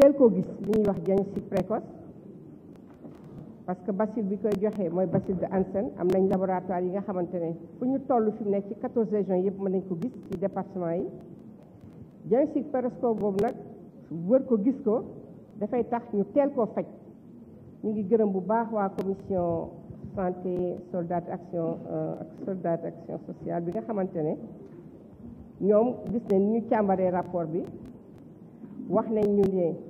teel koo gis li ñuy wax diagnostic précoce parce que bacille bi koy joxee mooy bacille de Hansen am nañ laboratoire yi nga xamante ne fu ñu toll fi mu nekk ci quatorze régions yëpp mën nañ ko gis ci département yi diagnostic précoce boobu nag wër ko gis ko dafay tax ñu teel koo faj ñu ngi gërëm bu baax waa commission santé soldat action euh, ak action sociale bi nga xamante ne ñoom gis nañ ñu càmbaree rapport bi wax nañ ñu ne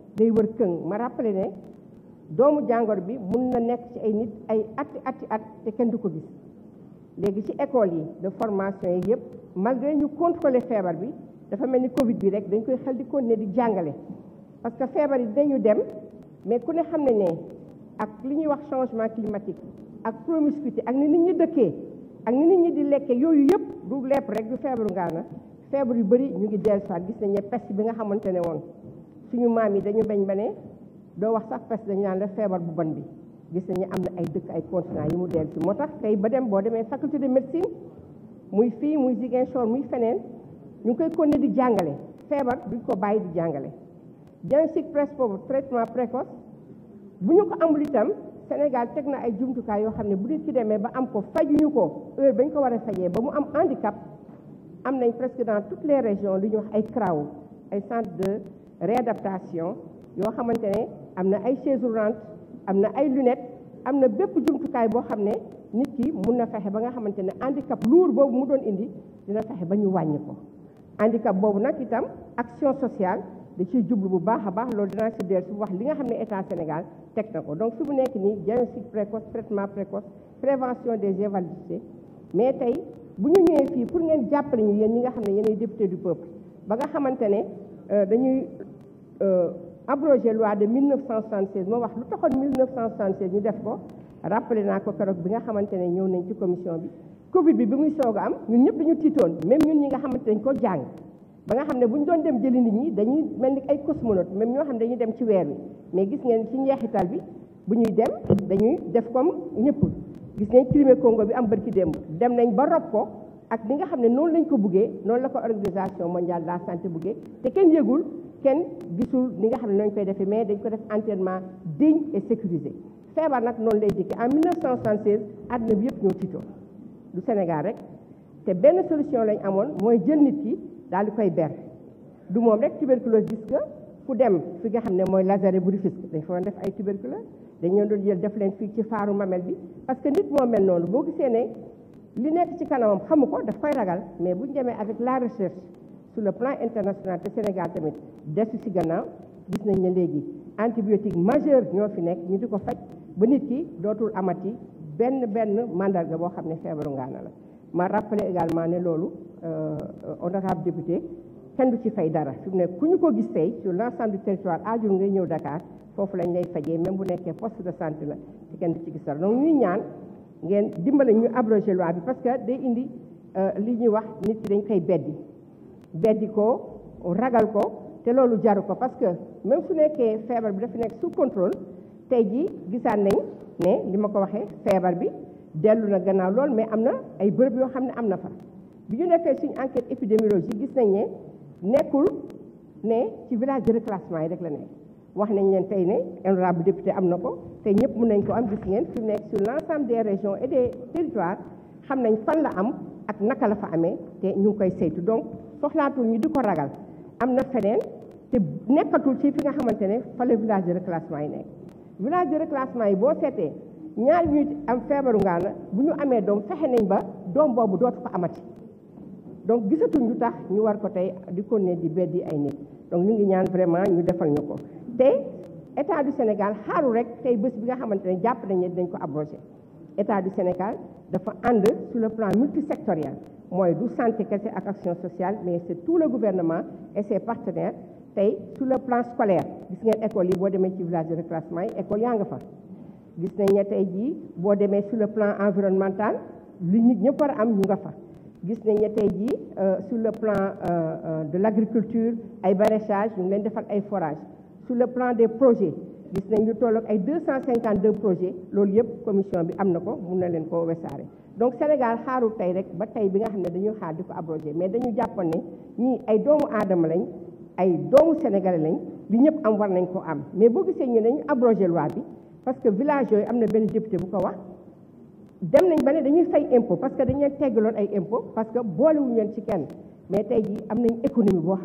day wër këng ma rappelé ne doomu jàngoro bi mun na nekk ci ay nit ay atti atti at te kenn du ko gis léegi ci école yi de formation yi yëpp malgré ñu contrôler feebar bi dafa mel ni Covid bi rek dañ koy xel di continuer di jàngale parce que feebar yi dañu dem mais ku ne xam ne ne ak li ñuy wax changement climatique ak promiscuité ak ni nit ñi dëkkee ak ni nit ñi di lekke yooyu yëpp du lepp rek du feebaru ngaana feebar yu bari ñu ngi dellusiwaat gis nañ ne peste bi nga xamante ne woon suñu maam yi dañu bañ ba ne doo wax sax pes dañu naan la feebar bu bon bi gis nañu am na ay dëkk ay continent yi mu deel si moo tax tey ba dem boo demee faculté de médecine muy fii muy Ziguinchor muy feneen ñu ngi koy konne di jàngale feebar duñ ko bàyyi di jàngale diagnostic presse boobu traitement précoce bu ñu amul itam Sénégal teg na ay jumtukaay yoo xam ne bu nit ki demee ba am ko fajuñu ko heure bañ ko war a fajee ba mu am handicap am nañ presque dans toutes les régions li ñuy wax ay CRAO ay centre de réadaptation yoo xamante ne am na ay chaise roulante am na ay lunettes am na bépp jumtukaay boo xam ne nit ki mun na fexe ba nga xamante ne handicap lourd boobu mu doon indi dina fexe ba ñu wàññi ko. handicap boobu nag itam action sociale da ciy jublu bu baax a baax loolu dinaa si dellu si wax li nga xam ne état Sénégal teg na ko donc fi mu nekk nii diagnostic précoce traitement précoce prévention des invalidités mais tey bu ñu ñëwee fii pour ngeen jàppale ñu yéen ñi nga xam ne député du peuple ba nga xamante ne euh, dañuy euh, abrogé loi de 1976 moo wax lu en 1976 ñu def ko rappelé ko de bi nga nañ commission bi Covid bi bi muy soog de ñun Nous avons même ñun nous nga ko nous ba nga xamne Nous doon dem jëli nit ñi dañuy mel ni ay cosmonaute même nous xam dañuy dem ci mais gis ngeen ci bi nous dem dañuy def comme ñëpp gis ngeen Congo bi am barki des dem nañ ba rob ko ak bi nga lañ ko nous, noonu la ko organisation mondiale de la santé buggé kenn gisul ni nga xam ne nañ koy mais dañ ko def entraînement digne et sécurisé feebar nag noonu lay en du Sénégal rek te benn solution lañ amoon mooy jël nit ki du tuberculose dem fi nga tuberculose dañ jël def leen parce que nit moo mel noonu boo gisee li nekk ci kanamam daf mais avec la recherche sur le plan international le Sénégal tamit desu ci gannaaw gis nañ ne léegi antibiotique majeur ñoo fi nekk ñu di ko faj ba nit ki dootul amati benn benn mandarga boo xam ne feebaru ngaana la ma rappelé également ne loolu euh, honorable député kenn du ci fay dara fi mu ne ku ñu ko gis tey sur l'ensemble du territoire aajul ngay ñëw Dakar foofu lañ lay fajee même bu nekkee poste de santé la te kenn du ci gis dara donc ñuy ñaan ngeen dimbale ñu abrogé loi bi parce que day indi euh, li ñuy wax nit ki dañ koy beddi beddi ko ragal ko te loolu jaru ko parce que même su nekkee feebar bi dafa nekk sous contrôle tey jii gisaat nañ ne li ma ko waxee feebar bi dellu na gannaaw lool mais am na ay bërëb yoo xam ne am na fa. bi ñu defee suñu enquête épidémiologique gis nañ ne nekkul ne ci village de reclassement yi rek la nekk wax nañ leen tey ne honorable député am na ko te ñëpp mun nañ ko am gis ngeen fi mu nekk sur l' ensemble des régions et des territoires xam nañ fan la am ak naka la fa amee te ñu ngi koy saytu donc. soxlaatul ñu di ko ragal am na feneen te nekkatul ci fi nga xamante ne fa la village de reclassement yi nekk village de reclassement yi boo seetee ñaar ñu am feebaru ngaana bu ñu amee doom fexe nañ ba doom boobu dootu ko amati donc gisatuñ lu tax ñu war ko tey di ko ne di beddi ay nit donc ñu ngi ñaan vraiment ñu defal ñu ko te état du Sénégal xaru rek tey bés bi nga xamante ne jàpp nañ ne dinañ ko abrogé état du Sénégal dafa ànd sur le plan multisectoriel mooy du santé kese ak action sociale mais c'est tout le gouvernement et ses partenaires tey sur le plan scolaire gis ngeen école yi boo demee ci village de reclassement yi école yaa nga fa gis nañ sur le plan environnemental li nit ñëpp war a am ñu nga euh, sur le plan euh, euh, de l'agriculture ay barrages, ñu ngi defal ay forage sur le plan des projets gis nañ ñu 252 projets loolu yëpp commission bi am na les donc Sénégal xaarul tey rek ba tey bi nga xam ne dañuy xaar di ko abrogé mais dañu jàppoon ne ñii ay doomu aadama lañ ay doomu sénégalais lañ li ñëpp am war nañ ko am mais boo gisee ñu dañu abrogé loi bi parce que village yooyu am na benn député bu ko wax dem nañ ba ne dañuy fay impôt parce que dañu leen teggaloon ay impôt parce que boolewuñu leen ci kenn mais il y a une économie boo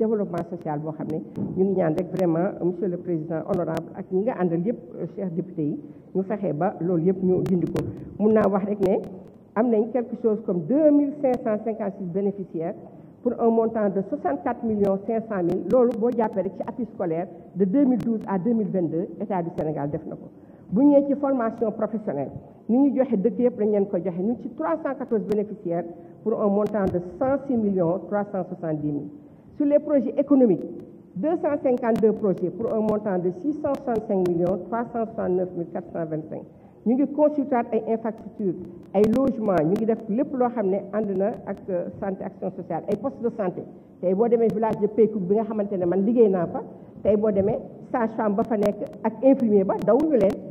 développement social nous sommes vraiment M. le président honorable ak euh, députés, nous àndal chef député yi ñu ba loolu nous ñu quelque chose comme 2 556 bénéficiaires pour un montant de 64 millions 500 000, loolu les jàppee rek scolaire de 2012 à 2022 état du Sénégal bu ñëwee ci formation professionnelle ni ñu joxe dëkk yëpp ko joxe ci 314 bénéficiaires pour un montant de 106 millions 370 000. sur les projets économiques 252 projets pour un montant de 665 millions 369 425 Nous avons consulté les infrastructures les logements nous ngi def lépp loo xam ne euh, santé action sociale ay postes de santé tey boo demee village de Pékou bi nga xamante ne man liggéey naa fa tey boo demee sage-femme ba fa nekk ak infirmier ba dawuñu leen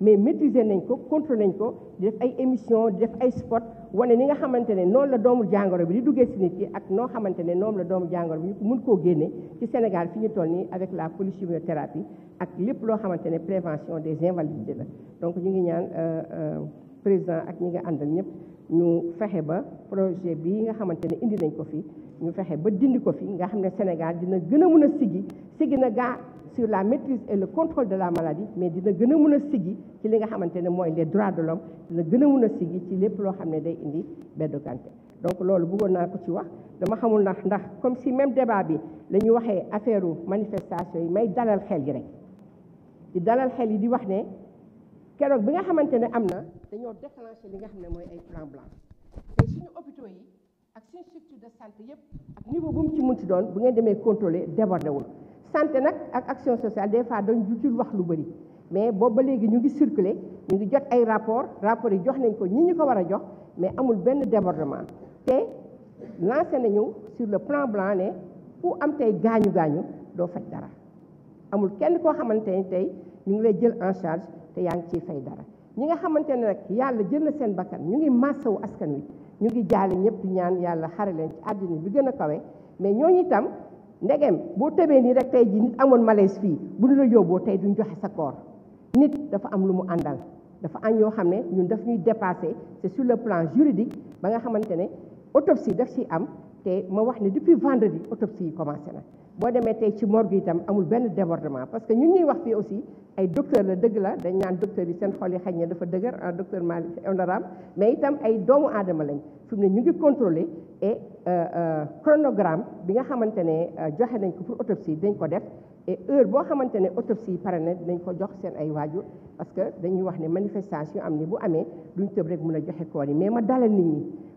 mais maîtriser nañ ko contrôler nañ ko di def ay émission di def ay spot wane ni nga xamante ne noonu la doomu jàngoro bi di duggee ci nit ki ak noo la Sénégal avec la ak lépp prévention des invalidités donc ñu ngi ñaan euh, euh, président ak ñi ñu fexe ba projet bi nga xamante ne indi nañ ko fi ñu fexe ba dindi ko fi nga xam ne Sénégal dina gën a mën a sigi sigi na gaa sur la maîtrise et le contrôle de la maladie mais dina gën a mën a sigi ci li nga xamante ne mooy les droits de l'homme dina gën a mën a sigi ci lépp loo xam ne day indi beddukanté donc loolu bëggoon naa ko ci wax dama xamul ndax ndax comme si même débat bi la ñu waxee affaire manifestation yi may dalal xel yi rek di dalal xel yi di wax ne keroog bi nga xamante ne am na dañoo déclenché li nga xam ne mooy ay plan blanc te suñu hôpitaux yi ak suñu structure de santé yépp ak niveau bu mu ci munti doon bu ngeen demee contrôler débordé wul santé nag ak action sociale des fois dañ jutul wax lu bëri mais boobu ba léegi ñu ngi circuler ñu ngi jot ay rapport rapport yi jox nañ ko ñi ñu ko war a jox mais amul benn débordement te lancé nañu sur le plan blanc ne ku am tey gaañu gaañu doo faj dara amul kenn koo xamante ne tey ñu ngi lay jël en charge te yaa ngi ciy fay dara ñi nga xamante ne rek yàlla jël na seen bakkan ñu ngi wu askan wi ñu ngi jaale ñëpp di ñaan yàlla xare leen ci àddina bi gën a kawe mais ñooñu itam ndegem boo tëbee nii rek tey jii nit amoon malaise fii bu ñu la yóbboo tey duñ joxe sa koor nit dafa am lu mu àndal dafa am ñoo xam ne ñun daf ñuy dépassé c'est sur le plan juridique ba nga xamante ne autopsie daf ci am te ma wax ne depuis vendredi autopsie yi commencé na boo demee tey ci morgue itam amul benn débordement parce que ñun ñuy wax fii aussi ay docteur la dëgg la dañ naan docteur yi seen xol yi xaj ne dafa dëgër en ah, docteur Malick honorable mais itam ay doomu aadama lañ fi mu ne ñu ngi contrôler e euh, euh, chronogramme bi nga xamante ne euh, joxe nañ ko pour autopsie dañ ko def et heure boo xamante ne autopsie yi pare na dinañ ko jox seen ay waajur parce que dañuy wax ne manifestation am ni bu amee ñu tëb rek mun a joxe koor yi mais ma dalal nit ñi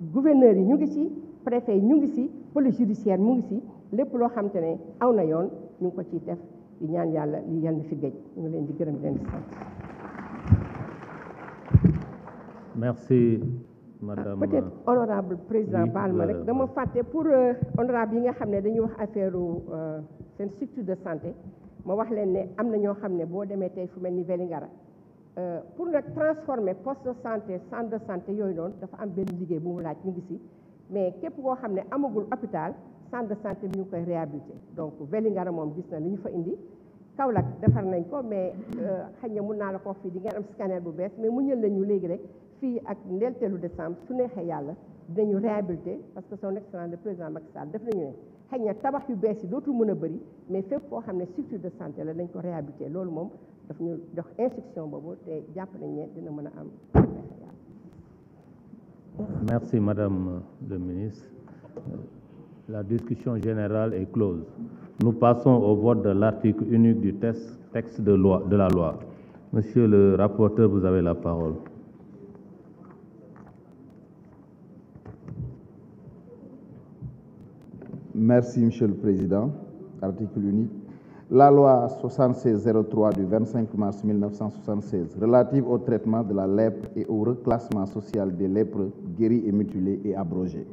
gouverneur yi ñu ngi ci préfet yi ñu ngi ci police judiciaire mu ngi ci lépp loo xam te ne aw na yoon ñu ngi ko ciy def di ñaan yàlla li yal fi géej ñu leen di gërëm leen di sant. merci madame ah, peut-être honorable président Balma euh, rek dama fàtte pour euh, honorable yi nga xam ne dañuy wax affaire euh, seen structure de santé ma wax leen ne am na ñoo xam ne boo demee tey fu mel ni Euh, pour nag transformer post de santé centre de santé yooyu noonu dafa am benn liggéey bu mu laaj ñu ngi si mais képp koo xam ne amagul hôpital centre de santé bi ñu ngi koy réhabilité donc Vélingara moom gis na li ñu fa indi Kaolack defar nañ ko mais euh, xëy na mun naa la ko fii di ngeen am scanner bu bees mais mu ñël la ñu léegi rek fii ak de décembre su neexee yàlla dinañu réhabilité parce que soo excellence le président Macky Sall def nañu ne xëy na yu bees yi dootul mën a bëri mais fépp foo xam ne structure de santé la dañ ko réhabilité loolu moom Merci Madame le Ministre. La discussion générale est close. Nous passons au vote de l'article unique du texte de, de la loi. Monsieur le rapporteur, vous avez la parole. Merci Monsieur le Président. Article unique la loi 7603 du 25 mars 1976 relative au traitement de la lèpre et au reclassement social des lèpres guéris et mutilés et abrogée.